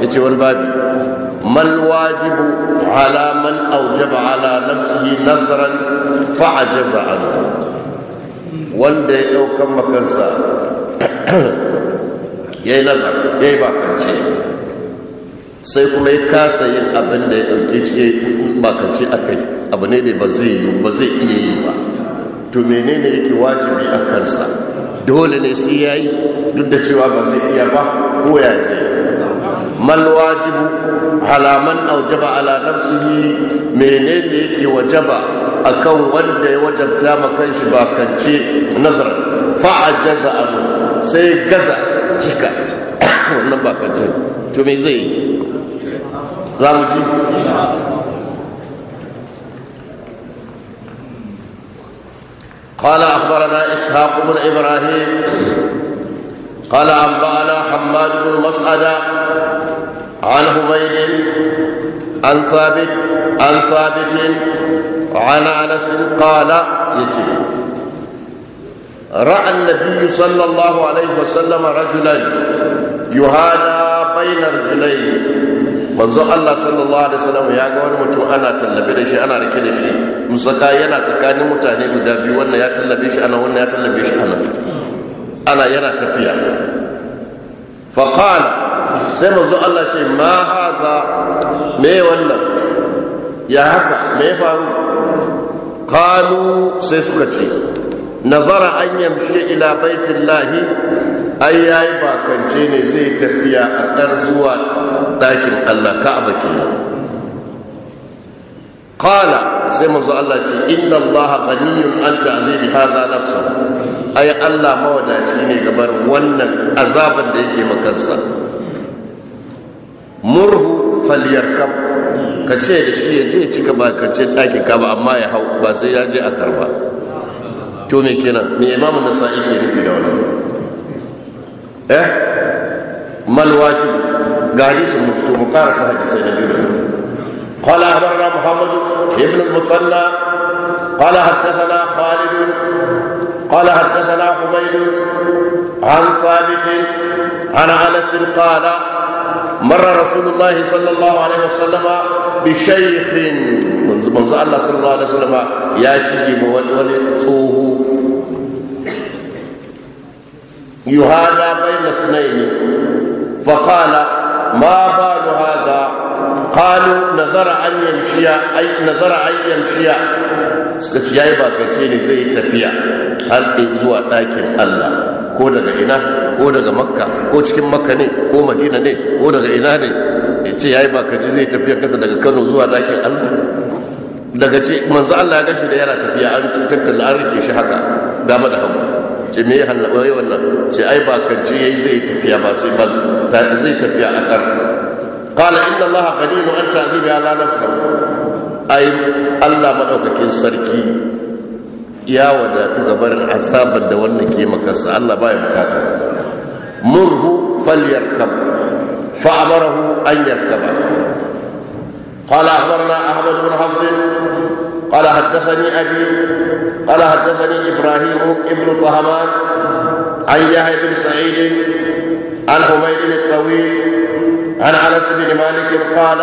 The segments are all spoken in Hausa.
ya ce wani babi mal wajibu ala man aujaba ala nafsihi nazaran fa'ajaza anhu wanda ya ɗaukan makansa ya yi nazar ya yi bakance sai kuma ya kasa yin abin da ya ɗauke cikin bakance a kai abu ne da ba zai yi ba zai iya yi ba to menene yake wajibi a kansa dole ne sai ya yi duk da cewa ba zai iya ba ko ya zai mal wajibu halaman aujaba ala nafsihi menene yake wajaba akan wanda ya wajabta makan kanshi ba kance nazar fa ajaza abu sai gaza cika wannan ba kance to me zai za mu ji قال أخبرنا إسحاق بن إبراهيم قال أنبأنا حماد بن مسعدة عن هبيل عن ثابت عن ثابت عن انس قال يتي راى النبي صلى الله عليه وسلم رجلا يهادى بين رجلين manzo Allah sallallahu alaihi wasallam ya ga wani mutum ana tallabe da shi ana rike da shi musaka yana tsakanin mutane guda biyu wannan ya tallabe shi ana wannan ya tallabe shi ana ana yana tafiya faqala sai mazu Allah ce ma haza me wannan ya haka me ya faru Kanu sai suka ce nazara an yamshi ila lahi ai yayi bakance ne zai tafiya a kar zuwa ɗakin Allah Ka'aba kenan qala sai mazu Allah ce inna Allah ghaniyun an ta'dhibi hadha nafsahu ai Allah mawadaci ne gabar wannan azaban da yake makansa murhu falyarkab ka ce da shi ya je cika ba ka ce ɗakin kaba amma ya hau ba sai ya je a karba to me kina me imamu na sa'i ke nufi da wani eh mal wajibi ga hadisin mutu mu karasa hadisai na biyu da nufi قال أخبرنا محمد ابن المثنى قال حدثنا خالد قال حدثنا حميد عن ثابت عن أنس قال مر رسول الله صلى الله عليه وسلم بشيخ منذ منذ الله صلى الله عليه وسلم يا شيخ ولتوه يهادى بين اثنين فقال ما بال هذا قالوا نذر ان يمشي اي نذر ان يمشي suka ce yayi bakance ne zai tafiya har zuwa ɗakin Allah ko daga ina ko daga makka ko cikin makka ne ko madina ne ko daga ina ne ya ce ya yi bakaji zai tafiya kasa daga kano zuwa dakin allah daga ce manzo allah ya gashi da yana tafiya an cutar da an rike shi haka dama da hagu ce me ya hannu wai wannan ce ai bakaji ya yi zai tafiya ba sai ba zai tafiya a kan qala inna allaha ghaniyun an ta'dhibi ala nafsihi ai allah madaukakin sarki يا ودا gabar asabar da wannan ke makarsa Allah ba ya bukata murhu falyarkab fa'amarahu an قال أخبرنا أحمد بن حفص قال حدثني أبي قال حدثني إبراهيم ابن طهمان عن يحيى بن سعيد عن حميد الطويل عن أنس بن مالك قال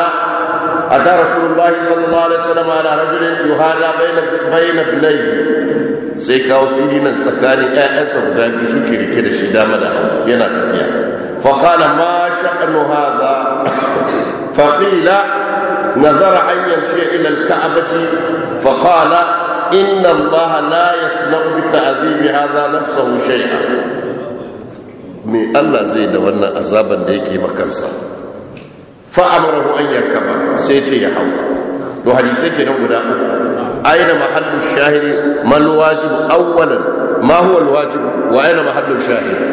أتى رسول الله صلى الله عليه وسلم على رجل يهادى بين بين ابنيه sai kawo fili nan tsakanin ƴaƴansa guda biyu suke rike da shi dama da yana tafiya faqala ma sha'nu hadha fa qila nazara an yamshi ila al-ka'bati fa qala inna allaha la yasma'u bi ta'dhibi hadha nafsahu shay'an me Allah zai da wannan azaban da yake makansa fa amarahu an yarkaba sai ce ya hau to hadisai kenan guda uku aina mahallu shahidi mal wajibu awwalan ma huwa al wajibu wa aina mahallu shahiri?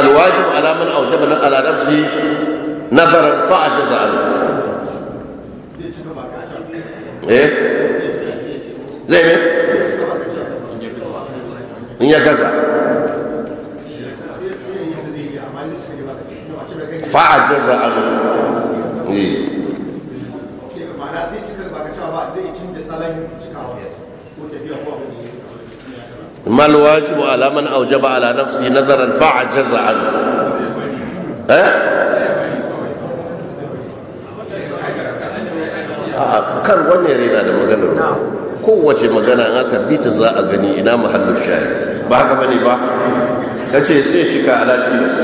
al wajibu ala man awjaba ala nafsi nazaran fa ajaza anhu eh zai ne in ya gaza fa'ajaza an eh ما الواجب على من أوجب على نفسه نذرا فعجز عنه أه؟ kan wannan yana da maganar kowace magana in aka bita za a gani ina mahallin shayi ba haka bane ba ya ce sai cika ala tilas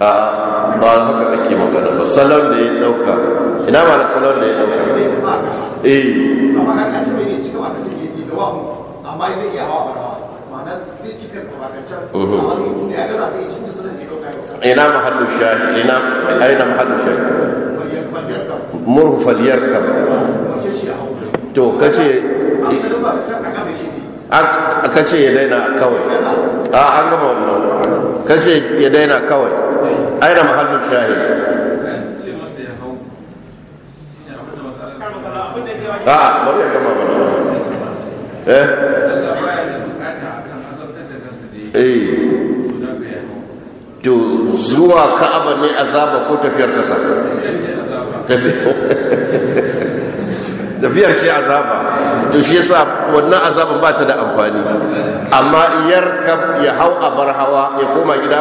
a ba haka ake magana ba salon da ya dauka ina ma da salon da ya dauka eh. amma zai iya hawa ba ina mahallu shahi ina aina mahallu shahi murhu falyarkab to kace aka ce ya daina kawai a an gaba wannan ka ce ya daina kawai aina mahallin shahi a bari ya gama ba eh eh to zuwa ka'aba ne azaba ko tafiyar kasa tafiyar ce azaba to shi yasa wannan azabin ba ta da amfani amma yarkab ya hau a bar hawa ya koma gida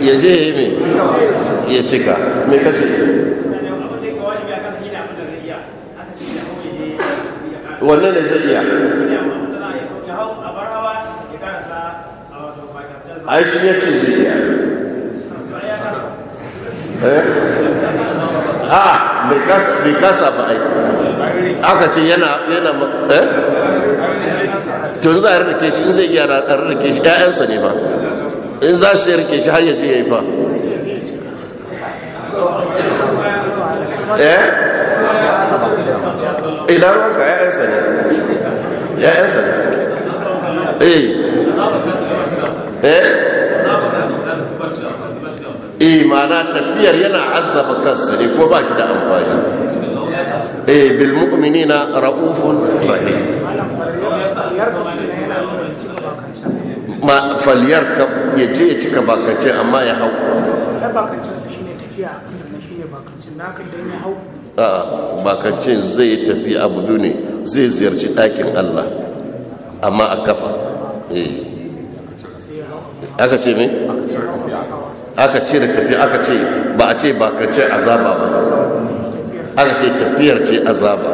ya je ya yi ya cika me kace wannan ne zai iya ai shi ya ce zai iya eh? a bai kasa ba aiki aka ce yana yana eh? to za a rike shi in zai iya rike shi ƴaƴansa ne fa in za su rike shi har yaje yayi fa eh idan ranka ƴaƴansa ne ƴaƴansa ne eh eh imana eh, tafiyar yana azaba kansa ne ko ba shi da amfani eh bil mu'minina ra'ufun rahim ma faliyar ka ya je ya cika bakance amma ya hau a bakancin zai tafi abu ne zai ziyarci ɗakin Allah amma a kafa eh. aka ce me aka cire tafi aka ce ba a ce bakancin azaba ba ne aka ce tafiyar ce azaba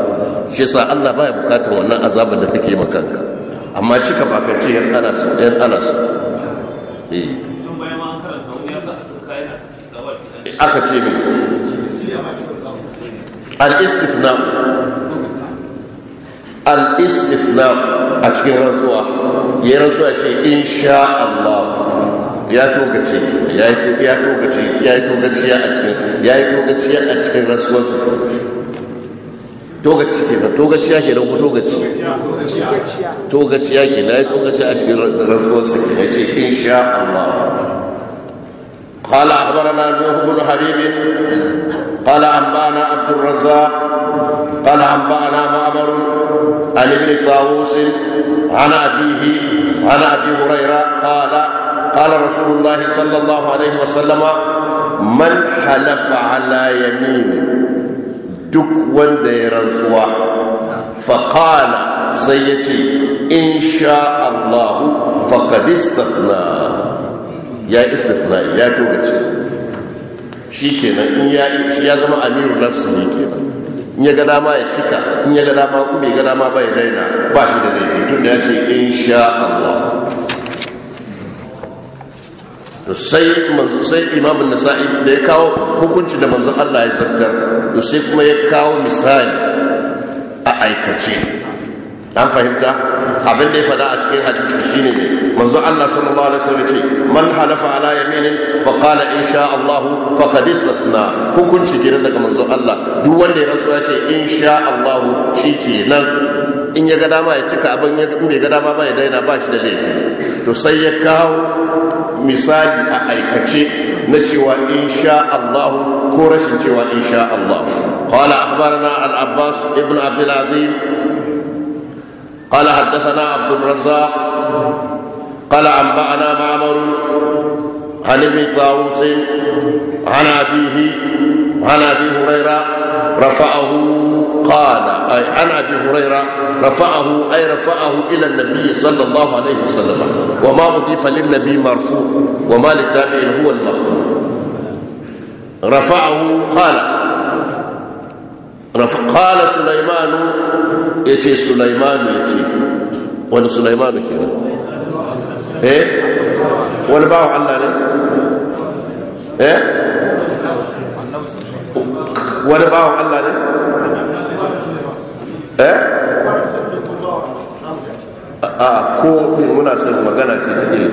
shi sa Allah baya bukatar wannan azaban da kake ma kanka amma cika bakance yan ana so yan ana so eh aka ce min al-istifna al-istifna a cikin rantsuwa ya rantsuwa ce insha Allah ya tokace ya ya tokace ya yi a cikin ya rasuwar tokaci ke ko tokaci ke nan a cikin rasuwar ya ce insha Allah قال أخبرنا نوح بن حبيب قال أنبأنا عبد الرزاق قال أنبأنا مأمر عن ابن طاووس عن أبيه عن أبي هريرة قال قال رسول الله صلى الله عليه وسلم من حلف على يمين duk wanda ya rasuwa faƙala sai ya ce in sha Allahu faƙadistafna ya istifna ya in ya ya zama amirul nafsi ne kenan in ya ga dama ya cika in ya ga dama kuma ya ga dama bai daina ba shi da laifi tun da ya ce in sha Allah sai manzo sai imam nasai da ya kawo hukunci da manzo Allah ya zartar to sai kuma ya kawo misali a aikace an fahimta abin da ya fada a cikin hadisi shine ne manzo Allah sallallahu alaihi wasallam ce man halafa ala yaminin fa qala insha Allah qad istatna hukunci gidan daga manzo Allah duk wanda ya rantsuwa ce insha Allah shikenan in ya ga dama ya cika abin ya bai ga dama ba ya daina ba shi da laifi to sai ya kawo misali a aikace na cewa insha Allah ko rashin cewa insha Allah qala akhbarana al-abbas ibn abdul azim qala haddathana abdul razzaq qala anba'ana ma'mar عن ابن طاووس عن أبيه عن أبي هريرة رفعه قال أي عن أبي هريرة رفعه أي رفعه إلى النبي صلى الله عليه وسلم وما أضيف للنبي مرفوع وما للتابع هو المقبول رفعه قال رفع قال سليمان يتي سليمان يتي ولا سليمان كده ايه ولا باو الله ايه wani bawan Allah ne eh a ko muna son magana ce ta iri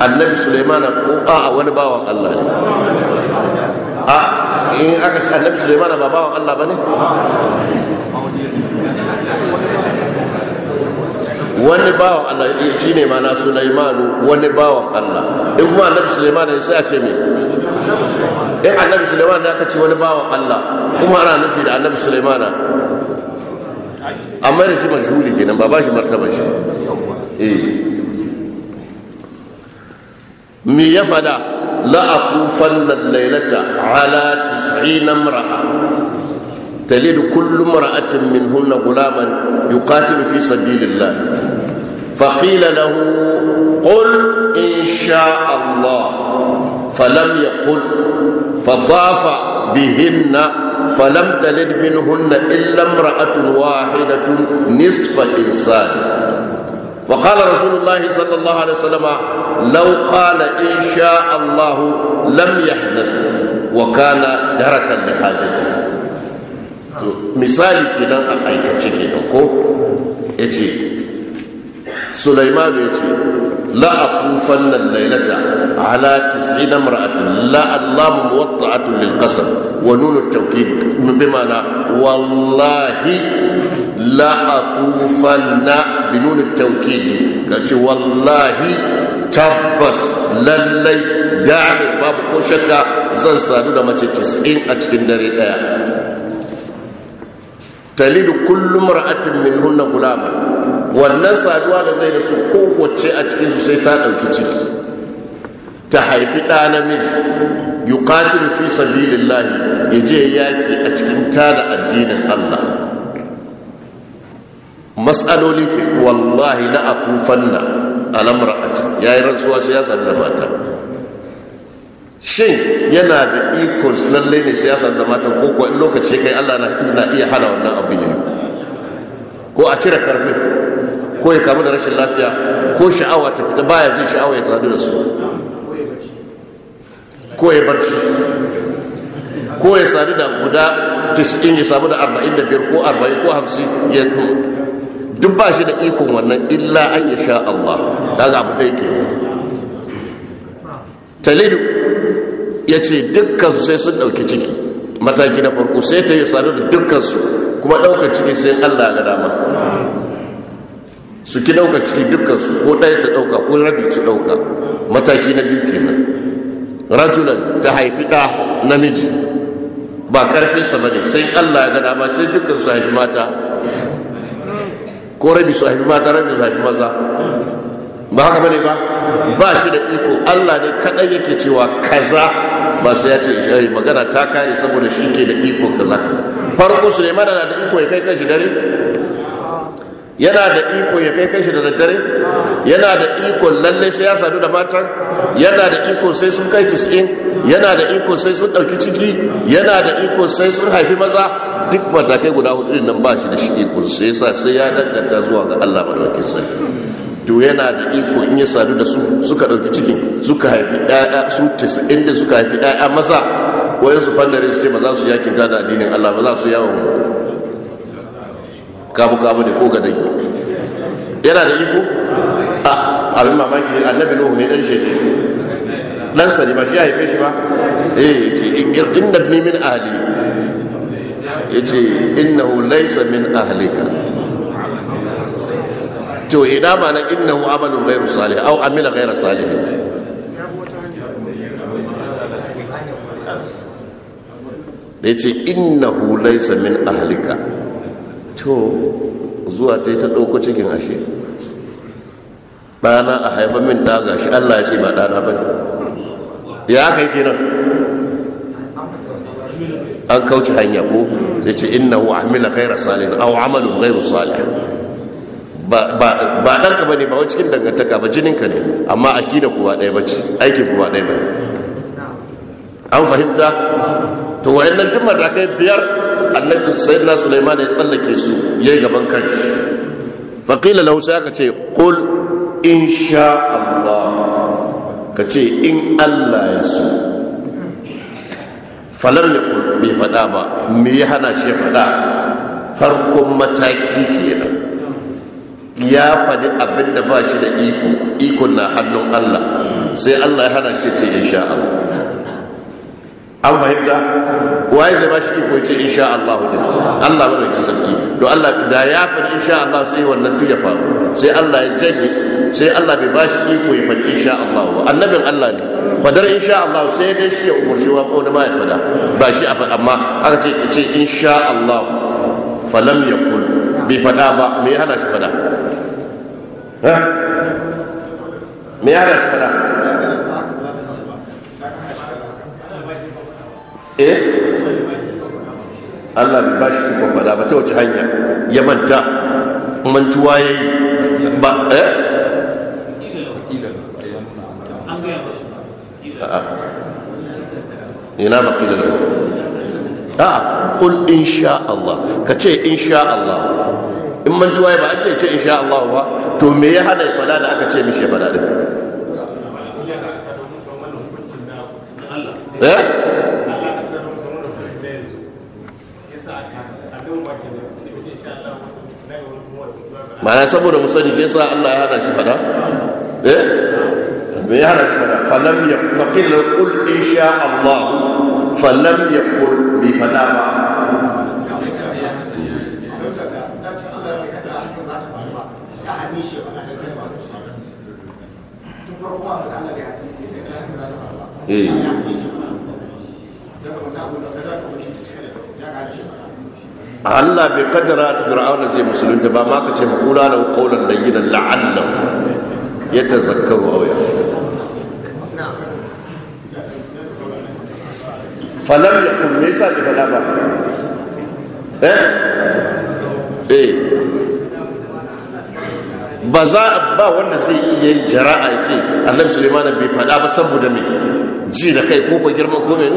annabi suleiman ko a wani bawan Allah ne a in aka ce annabi suleiman ba bawan Allah ba ne wani bawan Allah eh, shi ne mana Sulaimanu wani bawan Allah in kuma annabi Sulaiman ne sai a ce me in annabi Sulaiman ne aka ce wani bawan Allah kuma ana nufi da annabi Sulaiman amma da shi majhuli kenan ba ba shi martaban shi eh me ya fada la aqufanna laylata ala 90 imra'a تلد كل امرأة منهن غلاما يقاتل في سبيل الله فقيل له قل إن شاء الله فلم يقل فطاف بهن فلم تلد منهن إلا امرأة واحدة نصف إنسان وقال رسول الله صلى الله عليه وسلم لو قال إن شاء الله لم يحدث وكان دركا لحاجته to misali kenan a aikace kenan ko ya yace sulaiman yace la aqufanna nan laylata ala 90 imra'atin la allahu muwatta'atun lil qasam wa nun at-tawkid bima'na wallahi la aqufanna bi nun at ka ce wallahi tabbas lallai da babu ko shakka zan sadu da mace 90 a cikin dare daya talidu kullum ra'atin min hunna gulama wannan saduwa da zai da ko wacce a cikin su sai ta ɗauki ciki ta haifi ɗa namiji yuqatil fi sabilillahi ya je yaki a cikin tada addinin Allah mas'aloli ke wallahi la aqufanna alamra'ati yayi rantsuwa sai ya sadu da mata shin yana da ikon lallai ne siyasar da matan ko kuwa lokaci kai Allah na iya hana wannan abu yayi ko a cire karfi ko ya kamu da rashin lafiya ko sha'awa ta fita baya jin sha'awa ya tsadu da su ko ya barci ko ya sadu da guda 90 ya samu da 45 ko 40 ko 50 ya duk ba shi da ikon wannan illa an ya sha Allah zaɓi abu ɗaya ke talidu ya ce dukkansu sai sun ɗauki ciki mataki na farko sai ta yi tsari da dukkansu kuma ɗaukar ciki sai allah ga dama su ki ɗaukar ciki dukkansu ko ɗaya ta ɗauka ko rabi ta ɗauka mataki na biyu kenan rajulan ta haifi ɗa namiji ba ƙarfinsa ba ne sai allah ga dama sai dukkansu haifi mata ko rabi su haifi mata rabi su haifi maza ba haka bane ba ba shi da iko Allah ne kadai yake cewa kaza ba sai ya ce shari magana ta kare saboda shi ke da iko kaza farko suleiman na da iko ya kai kashi dare yana da iko ya kai kashi da daddare yana da iko lalle sai ya sadu da matan yana da iko sai sun kai tis'in yana da iko sai sun ɗauki ciki yana da iko sai sun haifi maza duk matakai guda hudu nan ba shi da shi iko sai sa sai ya danganta zuwa ga allah madaukakin sai to yana da iko in ya sadu da su suka ɗauki cikin suka haifi ɗaya su tisa'in da suka haifi ɗaya maza wayan su fandare su ce ba za su yakin ta da addinin Allah ba za su yawon kabu kabu ne ko gadai yana da iko a ah, abin mamaki ne annabi nuhu ne dan sheke dan sani ba shi ya haife shi ba eh ce inda min ahli ce, innahu laysa min ahlika to ina ma nan innahu amalun ghairu salih aw amila ghairu salih da yace innahu laysa min ahlika to zuwa ta ta dauko cikin ashe bana a haifa min da shi Allah ya ce ba dana bane ya kai kenan an kauce hanya ko sai ce innahu amila ghairu salih aw amalun ghairu salih ba dan ba ne ba wa cikin dangantaka ba jininka ne amma akida kuwa ɗaya ba aikin kuwa ɗaya ba an fahimta to wa'annan duk matakai biyar annabi sayyidina sulaiman ya tsallake su yayi gaban kanshi qila lahu sai ka ce qul insha Allah ka ce in Allah ya so falar ya bai faɗa ba me ya hana shi faɗa farkon mataki kenan ya faɗi abin da ba shi da iko ikon na hannun Allah sai Allah ya hana shi ce insha Allah an fahimta waye zai ba shi iko ce insha Allah din Allah ba da sarki to Allah da ya faɗi insha Allah sai wannan tu ya faru sai Allah ya janye sai Allah bai ba shi iko ya faɗi insha Allah ba annabin Allah ne fadar insha Allah sai dai shi ya umurci wa ko da ma ya fada ba shi amma aka ce ce insha Allah falam yaqul bai fada ba me hana shi fada me hana shi fada eh Allah bai bashi shi kuma fada ba ta wace hanya ya manta mantuwa ya yi ba eh ina ba kila ne a kul insha Allah ka ce insha Allah in mantuwa ba a ce ce insha Allah ba to me ya hana fada da aka ce mishi fada din eh? Mana saboda musani shi sa Allah ya hana shi fada eh me ya hana shi fada falam ya faqil qul in sha Allah falam ya qul bi fada ba Eh. Allah bai kaddara fir'auna zai musulun da ba ma ka ce makula da kaulan layyinan la'allahu ya zakaru a ya falar ya me yasa bai fada ba eh eh ba za a ba wanda zai iya jara'a ce allah Suleiman bai fada ba saboda me ji da kai ko ba girma ko mene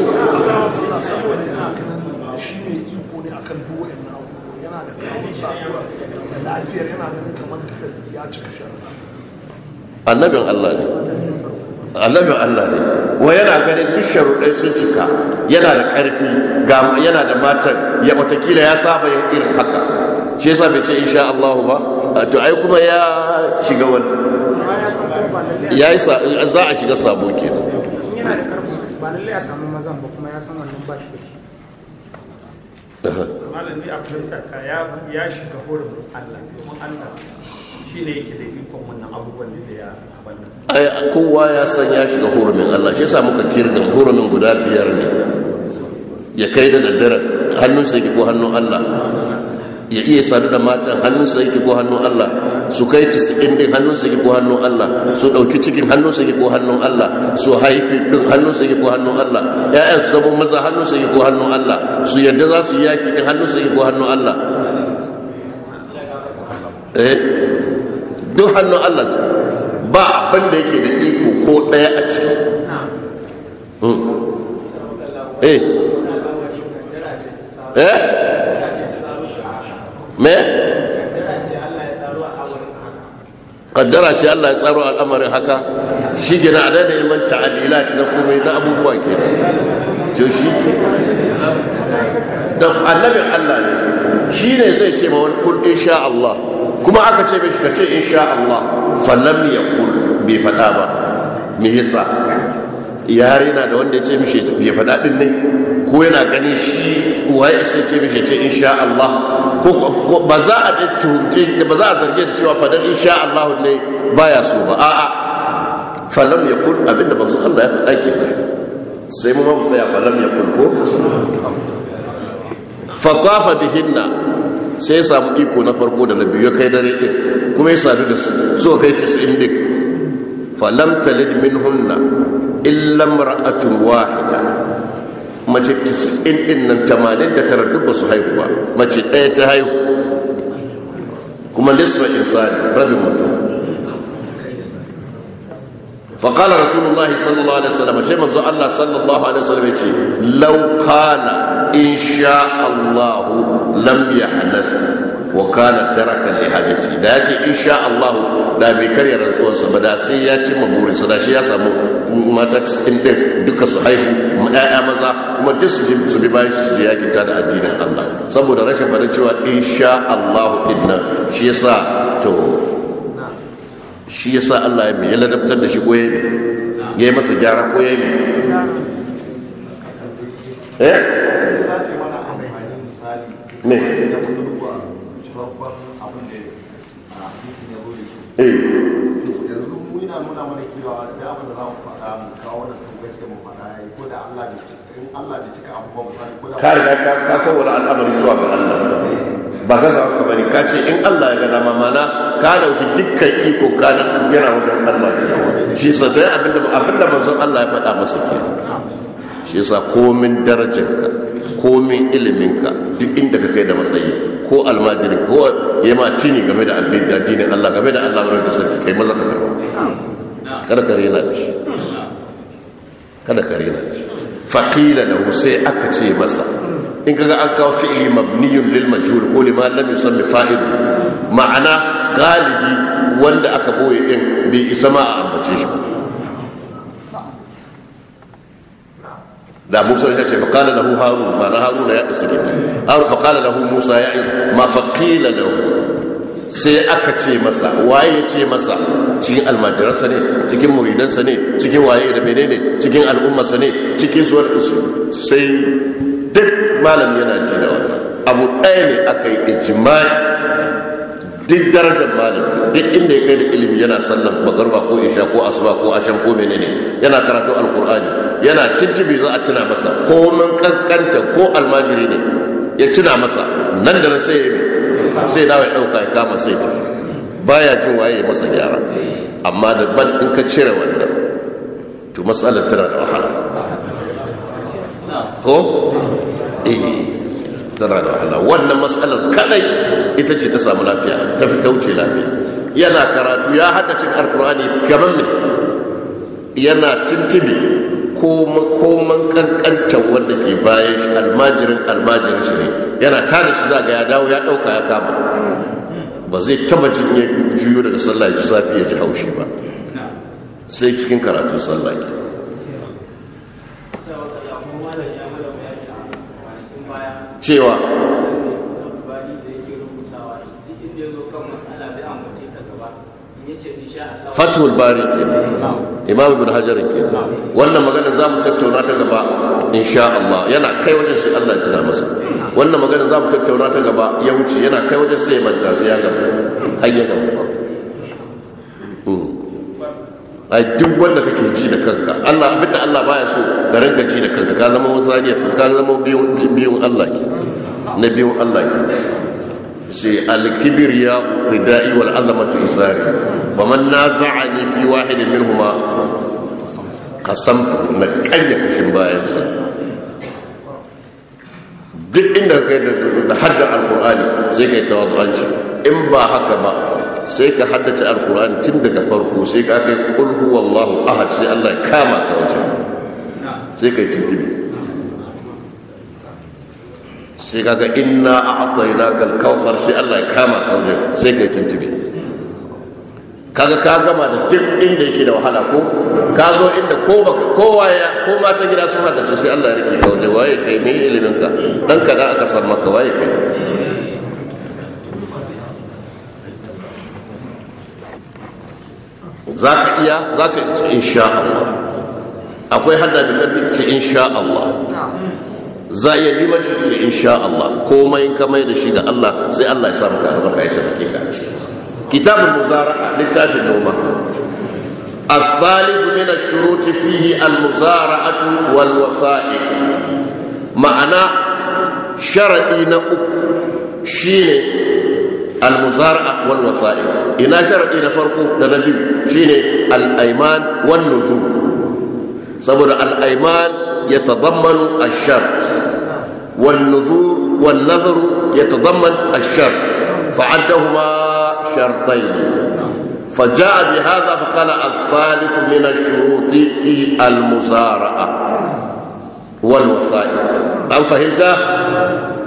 annabin Allah ne annabin Allah ne wa yana ganin duk sharuɗai sun cika yana da ƙarfi yana da matar. ya watakila ya saba yin irin haka shi yasa bai ce insha Allah ba to ai kuma ya shiga wani ya yi za a shiga sabo kenan yana da karfin ba lallai a samu mazan ba kuma ya san wannan ba shi a fahimta ya shiga horin Allah domin Allah shi yake da ikon wannan abubuwan da ya ai kowa ya san ya shiga hurumin Allah shi yasa muka kirga hurumin guda biyar ne ya kai da daddare hannunsa yake ko hannun Allah ya iya sadu da matan hannunsa yake ko hannun Allah su kai cikin din hannun su ko hannun Allah su dauki cikin hannun su ko hannun Allah su haifi din hannun su ko hannun Allah ƴaƴan su zama maza hannun su ko hannun Allah su yadda za su yaki din hannun su ko hannun Allah eh duk hannun Allah ba abin da yake da iko ko daya a ciki hmm. eh eh kaddara ce Allah ya tsaro al'amarin haka shi gina a daina ilman ta'adilat na komai na abubuwa ke to shi da annabin Allah ne shi ne zai ce ma wani kul insha Allah kuma aka ce mishi ka ce insha Allah fallam ya kul bai faɗa ba me yasa yare na da wanda ya ce mishi bai faɗa din ne ko yana gani shi waye sai ce mishi ce insha Allah ba za a tuhumce ba za a zarge da cewa fadar insha Allah ne baya so ba a'a falam yakun abinda manzo Allah ya faɗa ke sai mu ma mu tsaya falam kun ko fa qafa bihinna sai ya samu iko na farko da na biyu ya kai dare din kuma ya sadu da su so kai ta 90 din falam talid minhunna illa imra'atun wahida mace 89 ba su haihuwa mace ɗaya ta haihu kuma nisra insani rabin mutum faƙala rasulullah sallallahu alaihi wasallam shi manzo Allah sallallahu alaihi wasallam yace law kana insha Allah lam yahnas wa kana taraka li hajati da yace insha da bai karya rantsuwansa ba da sai ya cimma burinsa, da shi ya samu mata cikin ɗin duka su haihu ya'ya maza kuma duk su bi bayan su ya yakin da addinin Allah saboda rashin fara cewa insha Allah inna shi yasa to shi yasa Allah ya ladabtar da shi ko ya yi masa gyara ko ya yi eh ne eh nuna mana cewa da abin da za mu faɗa mu kawo wannan tungai sai mu faɗa yayi eh, ko da Allah bai cika in Allah bai cika abu ba misali ko da ka riga ka ka saboda al'amari zuwa ga Allah ba ka san ka bari ka ce in Allah ya ga dama mana ka dauki dukkan iko ka da yana wajen Allah shi sa dai abinda abinda manzon Allah ya faɗa masa ke shi sa komin darajarka komin iliminka duk inda ka kai da matsayi ko almajiri ko yema tini game da addinin Allah game da Allah wurin da sarki kai maza ka karba kada ka rena da shi kada ka rena da shi faƙila da sai aka ce masa in kaga an kawo fi'li mabniyun lil majhul ko lima lam yusammi fa'il ma'ana galibi wanda aka boye din bai isa ma a ambace shi ba da musa ya ce faqala lahu harun ma'ana Haruna ya isa ne harun faqala lahu musa ya ma faqila lahu sai aka ce masa waye ya ce masa cikin almajiransa ne cikin muridansa ne cikin waye da bene ne cikin al'ummarsa ne cikin suwar sai duk malam yana ji da wannan abu ɗaya ne aka yi ijimai duk darajar malam duk inda ya kai da ilimi yana sallan magarba ko isha ko asuba ko ashan ko menene yana karatu alkur'ani yana cincibi za a tuna masa ko mun kankanta ko almajiri ne ya tuna masa nan da nan sai ya yi sai dawo ya ɗauka ya kama sai tafi baya jin waye ya masa gyara amma da ban in ka cire wannan to matsalar tana da wahala ko eh tana da wahala wannan matsalar kadai ita ce ta samu lafiya ta fi wuce lafiya yana karatu ya hada cin alkur'ani kamar me yana tintibi koman kankantar wanda ke bayan almajirin almajirin shi ne yana tada shi zaga ya dawo ya dauka ya kama ba zai taba jin ya juyo daga sallah ya ji zafi ya ji haushi ba sai cikin karatu sallah ke cewa fatul bari kenan imam ibn hajar kenan wannan magana za mu tattauna ta gaba insha Allah yana kai wajen sai Allah ya tuna masa wannan magana za mu tattauna ta gaba ya wuce yana kai wajen sai manta sai ya gaba an ya gaba hmm. a duk wanda kake ci da kanka Allah abinda Allah baya so ka ranka ji da kanka ka zama wasu zaniya ka zama biyun Allah ke na biyun Allah ke sai alkibriya ridai wal azamatu isari faman naza'ani fi wahidin minhuma qasamtu na kanya kashin bayansa duk inda kai da hadda alkur'ani sai kai tawaddanci in ba haka ba sai ka haddace alkur'ani tun daga farko sai ka kai kul huwallahu ahad sai Allah ya kama ka wace sai yi tuntuni sai ka ga inna a'tainaka al-kawthar sai Allah ya kama ka wace sai yi tuntuni kaga ka gama da duk inda yake da wahala ko ka zo inda ko baka kowa ya ko mata gida sun hada sai Allah ya rike ka waje waye kai me ilimin ka dan ka da aka san maka waye kai za ka iya za ka ce insha Allah akwai hadda da karfi ce insha Allah za iya mace ce insha Allah komai ka mai da shi ga Allah sai Allah ya samu ka albarka ya tabbake ka a cikin kitabul muzara'a littafin noma الثالث من الشروط فيه المزارعة والوفاء معنى شرعي نأك شين المزارعة والوفاء إلى شرعي نفرق لنبي شين الأيمان والنذور سبب الأيمان يتضمن الشرط والنذور والنذر يتضمن الشرط فعدهما شرطين فجاء بهذا فقال الثالث من الشروط فيه المزارعة والوثائق هل فهمت؟